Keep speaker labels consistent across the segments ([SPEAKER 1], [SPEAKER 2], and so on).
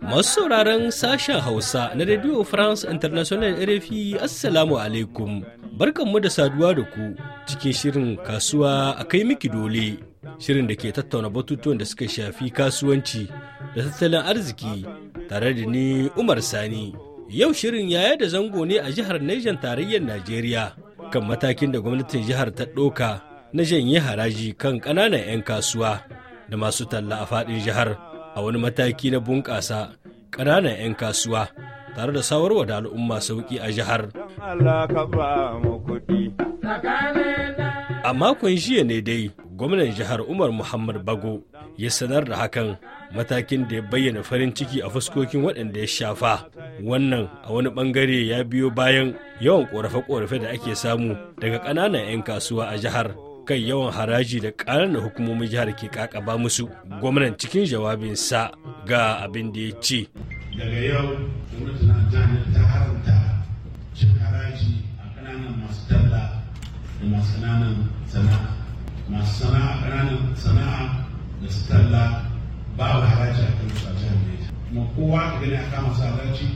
[SPEAKER 1] Masu sauraron sashen Hausa na Radio France International RFI Assalamu alaikum. Barkanmu da saduwa da ku cikin shirin kasuwa a kai miki dole. Shirin da ke tattauna batutuwan da suka shafi kasuwanci da tattalin arziki tare da ni Umar Sani. Yau shirin yaya da zango ne a jihar Niger tarayyar Najeriya. kan matakin da gwamnatin jihar ta ɗoka na janye haraji kan ƙananan 'yan kasuwa da masu talla a faɗin jihar a wani mataki na bunƙasa ƙananan 'yan kasuwa tare da sawarwa da al'umma sauƙi a jihar. A makon jiya ne dai gwamnan jihar Umar Muhammad Bago ya sanar da hakan matakin da ya bayyana farin ciki a fuskokin waɗanda ya shafa wannan a wani ɓangare ya biyo bayan yawan ƙorafe-ƙorafe da ake samu daga ƙananan 'yan kasuwa a jihar kan yawan haraji da ƙananan hukumomin jihar ke ƙaƙaba musu gwamnan cikin jawabinsa ga abin da ya ce daga yau gwamnatin ta haramta haraji a ƙananan masu talla da masu
[SPEAKER 2] masu sana'a ƙananan sana'a da su talla babu
[SPEAKER 3] haraji a kan su a da Neja kuma kowa idan gani a kama su haraji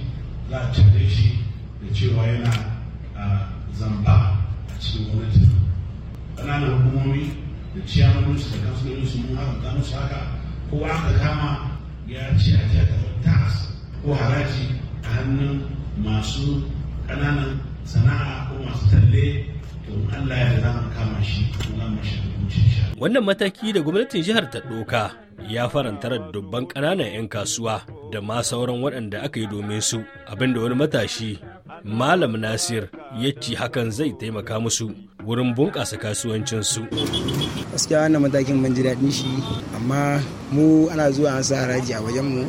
[SPEAKER 3] za a cire shi da cewa yana a zamba a cikin gwamnati ƙananan
[SPEAKER 2] hukumomi da su da kansulolinsu mun da musu haka kowa aka kama ya ce a jiya tas ko haraji a hannun
[SPEAKER 1] masu ƙananan sana'a ko masu talle to Allah ya da za kama shi ko
[SPEAKER 3] mashi mu
[SPEAKER 1] shi Wannan mataki da gwamnatin jihar ta ɗoka ya faranta dubban ƙananan 'yan kasuwa da ma sauran waɗanda aka yi domin su abinda wani matashi Malam Nasir ya ci hakan zai taimaka musu wurin bunƙasa kasuwancinsu.
[SPEAKER 3] Gaskiya wannan matakin ban ji daɗin shi amma mu ana zuwa an sa haraji a wajen mu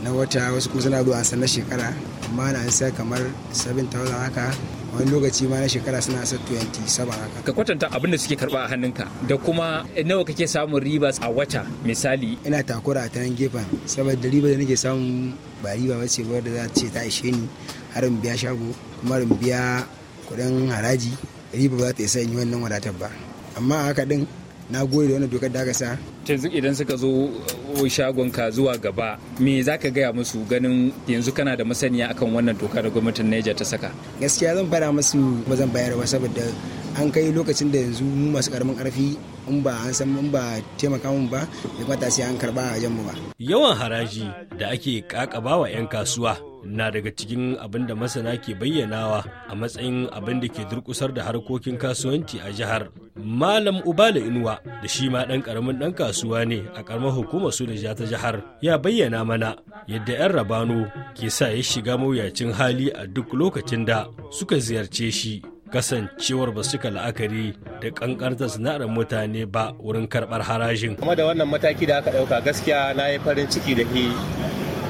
[SPEAKER 3] na wata wasu kuma suna zuwa an san na shekara amma na an sa kamar
[SPEAKER 1] 7,000 haka wani lokaci ma na shekara suna sa 27 haka
[SPEAKER 3] ka kwatanta abin suke karba a hannunka da kuma nawa kake samun riba a wata misali ina takura ta nan gefen
[SPEAKER 1] saboda riba da nake samun ba riba ba ce wadda za ce ta ishe ni har in biya shago kuma in biya kuɗin haraji riba ba za ta isa in yi wannan wadatar ba
[SPEAKER 3] amma haka din na gode da wannan dokar da aka sa yanzu idan suka zo uh, shagonka zuwa gaba me za ka gaya musu ganin yanzu kana da masaniya akan wannan doka da gwamnatin Niger ta saka
[SPEAKER 1] gaskiya zan fara musu ba zan bayar ba saboda an kai lokacin da yanzu mu masu karamin karfi in ba an san in ba taimaka mun ba ya kwata sai an karba a mu ba yawan haraji da ake kakaba wa 'yan kasuwa na daga cikin abin da masana ke bayyanawa a matsayin abin da ke durkusar da harkokin kasuwanci a jihar malam ubala inuwa da shi ma ɗan karamin ɗan kasuwa ne a ƙaramar hukumar soja ta jihar ya bayyana mana yadda 'yan rabano ke sa ya shiga mawuyacin hali a duk lokacin da suka ziyarce shi kasancewar ba suka la'akari da kankarta sana'ar
[SPEAKER 3] mutane ba wurin karɓar harajin. kuma da wannan mataki da aka ɗauka gaskiya na yi farin ciki da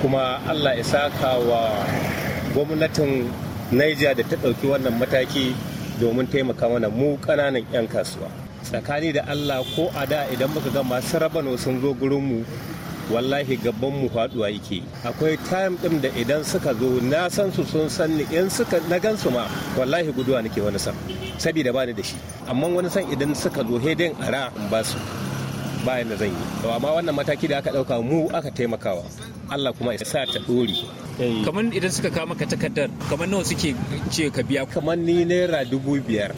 [SPEAKER 3] kuma allah ya saka wa gwamnatin niger da ta ɗauki wannan mataki domin taimaka mana mu kananan 'yan kasuwa tsakani da allah ko a da idan muka ga masu rabano sun zo gurinmu wallahi gabban mu faduwa yake akwai time din da idan suka zo na san su sun san ni in suka na gan su ma wallahi guduwa nake wani san saboda bani da shi amma wani san idan suka zo hedin ara in ba su bayan da zan yi amma wannan mataki da aka ɗauka mu aka taimakawa Allah kuma ya sa ta dori. Eh. kamar idan suka kama ka takardar kamar nawa suke ce ka biya kamar ni naira dubu biyar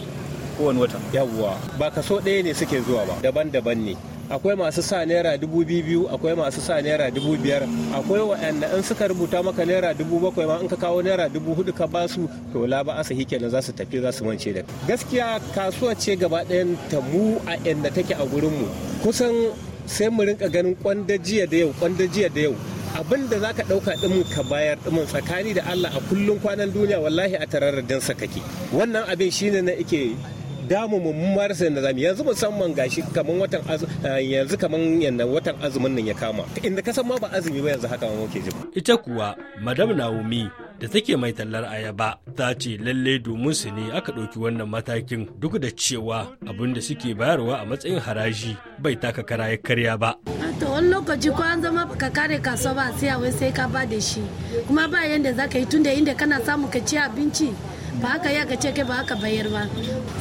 [SPEAKER 3] kowane wata yawwa ba kaso ɗaya ne suke zuwa ba daban-daban ne akwai masu sa naira dubu biyu akwai masu sa naira dubu biyar akwai wa'anda in suka rubuta maka naira dubu bakwai ma in ka kawo naira dubu hudu ka basu to la ba asa hike za su tafi za su mance da gaskiya kasuwa ce gaba ɗayan ta mu a inda take a gurinmu mu kusan sai mu rinka ganin kwandajiya da yau kwandajiya da yau abin da zaka ɗauka dimin ka bayar dimin tsakani da Allah a kullum kwanan duniya wallahi a tararradin sa kake wannan abin shine na ike damu mummar sai da zamu yanzu musamman gashi kamar watan azumin, eh, yanzu kaman watan azumin nan ya kama inda ka san ma ba azumi ba yanzu haka muke ji ita kuwa madam Naomi da take mai tallar ayaba
[SPEAKER 1] ta ce lalle domin su ne aka ɗauki wannan matakin duk da cewa abin da suke bayarwa a matsayin haraji bai taka kara ya karya ba.
[SPEAKER 3] to wani lokaci ko an zama ka kare kasuwa ba sai wai sai ka ba da shi kuma ba yanda za ka yi tun da inda kana samu ka ci abinci ba haka ya ka ce kai ba haka bayar ba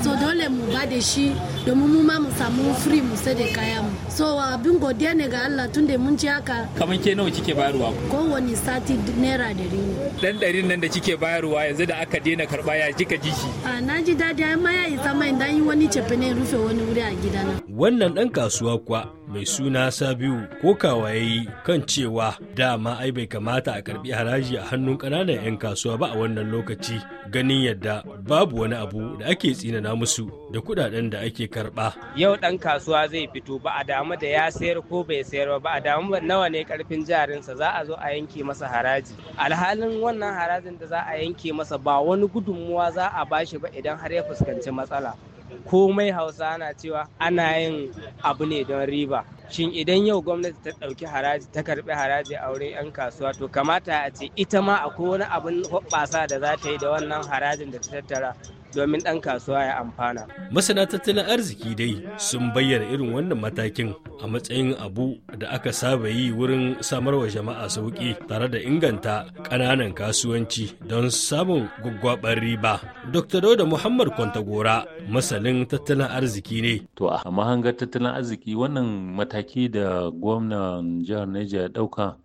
[SPEAKER 3] so dole mu ba da shi domin mu ma mu samu free mu sai da kaya mu so abin godiya ne ga Allah tun da mun ci haka kamar ke nawa kike bayarwa kowane sati naira dari ne dan ɗari nan da kike bayarwa yanzu da aka daina karba ya jika jiki a ah, na ji daɗi amma ya isa mai dan yi wani cefe ne rufe wani wuri a gidana
[SPEAKER 1] wannan dan kasuwa kuwa mai suna Sabiu ko ya yi kan cewa dama ai bai kamata a karbi haraji a hannun ƙananan 'yan kasuwa ba a wannan lokaci ganin yadda babu wani abu da ake tsinana musu da kudaden da ake karba.
[SPEAKER 3] Yau ɗan kasuwa zai fito ba a damu da ya sayar ko bai sayar ba a damu nawa ne karfin jarinsa za a zo a yanke masa haraji. Alhalin wannan harajin da za a yanke masa ba wani gudunmuwa za a bashi ba idan har ya fuskanci matsala. komai hausa ana cewa ana yin abu ne don riba shin idan yau gwamnati ta ɗauki haraji ta karɓi haraji a wurin 'yan kasuwa to kamata a ce ita ma akwai wani abin hoɓɓasa da za ta yi da wannan harajin da ta tattara domin ɗan kasuwa ya amfana.
[SPEAKER 1] Masana tattalin arziki dai sun bayyana irin wannan matakin a matsayin abu da aka saba yi wurin samarwa jama'a sauƙi tare da inganta ƙananan kasuwanci don samun gwaggwaɓar
[SPEAKER 4] riba. Dr. Dauda Muhammad Kwantagora masanin tattalin arziki ne. To a mahangar tattalin arziki wannan mataki da gwamnan jihar Niger ɗauka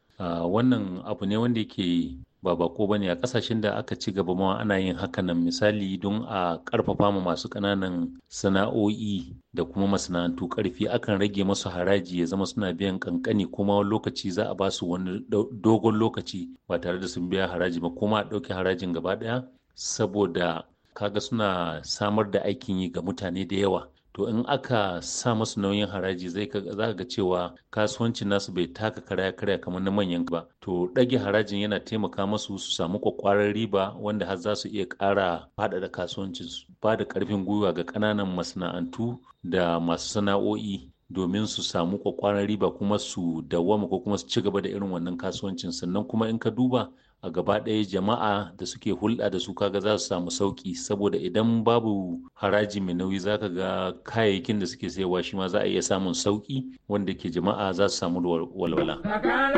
[SPEAKER 4] wannan abu ne wanda yake ba bako ba ne a kasashen da aka ci gaba ma ana yin haka nan, misali don a karfafa ma masu kananan sana'o'i da kuma masana'antu karfi akan rage masu haraji ya zama suna biyan kankani kuma lokaci za a ba su wani dogon lokaci ba tare da sun biya haraji ba kuma a ɗauke harajin gaba ɗaya saboda kaga suna samar da aikin yi ga mutane da yawa to in aka sa masu nauyin haraji zai ga cewa kasuwanci nasu bai taka karaya karya kamar na manyan ba to ɗage harajin yana taimaka masu su samu kwakwaran riba wanda har za su iya ƙara faɗaɗa su ba da ƙarfin gwiwa ga ƙananan masana'antu da masu sana'o'i domin su samu kwakwaran riba kuma su dawwama ko kuma su ci gaba da irin wannan kasuwancin sannan kuma in ka duba a gaba ɗaya jama'a da suke hulɗa da su kaga za su samu sauƙi saboda idan babu haraji mai nauyi za ka ga kayayyakin da suke sayawa shi ma za a iya samun sauƙi wanda ke jama'a za su samu walwala. Ana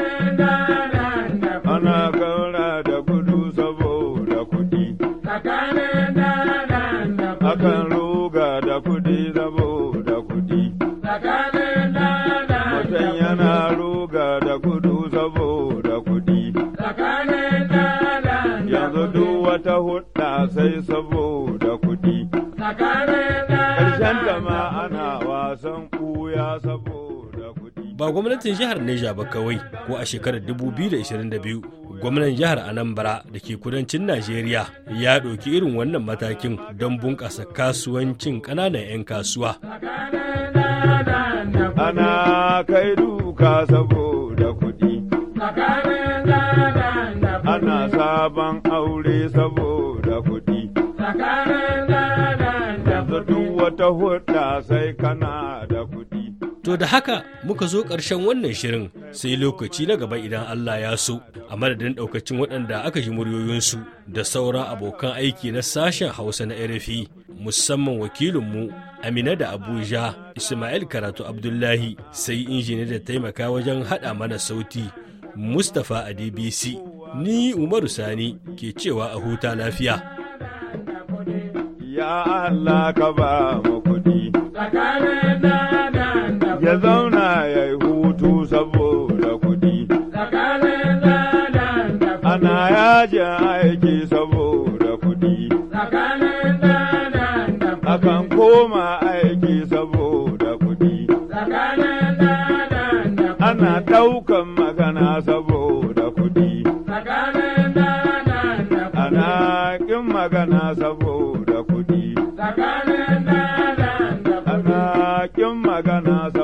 [SPEAKER 2] da ta huɗa sai saboda kuɗi. ana wasan ƙuya saboda kuɗi. Ba gwamnatin jihar Neja ba kawai ko a shekarar
[SPEAKER 1] 2022 gwamnan jihar anambra da ke kudancin najeriya ya ɗauki irin wannan matakin don bunƙasa kasuwancin ƙananan 'yan kasuwa
[SPEAKER 2] ana kai duka saboda kuɗi sabon aure saboda kuɗi. wata hulɗa sai kana
[SPEAKER 1] da kuɗi. To da haka muka zo ƙarshen wannan shirin sai lokaci na gaba idan Allah ya so a madadin ɗaukacin waɗanda aka ji muryoyinsu da sauran abokan aiki na sashen Hausa na RFI musamman wakilinmu Amina da Abuja Ismail Karatu Abdullahi sai injini da taimaka wajen haɗa mana sauti Mustapha a DBC. Ni Umaru Sani ke cewa a huta lafiya.
[SPEAKER 2] Ya Allah ka ba mu kudi Ya zauna ya yi hutu saboda kudi Ana yaji magana saboda kudi. Tsakanin da da kuɗi. Ana kin magana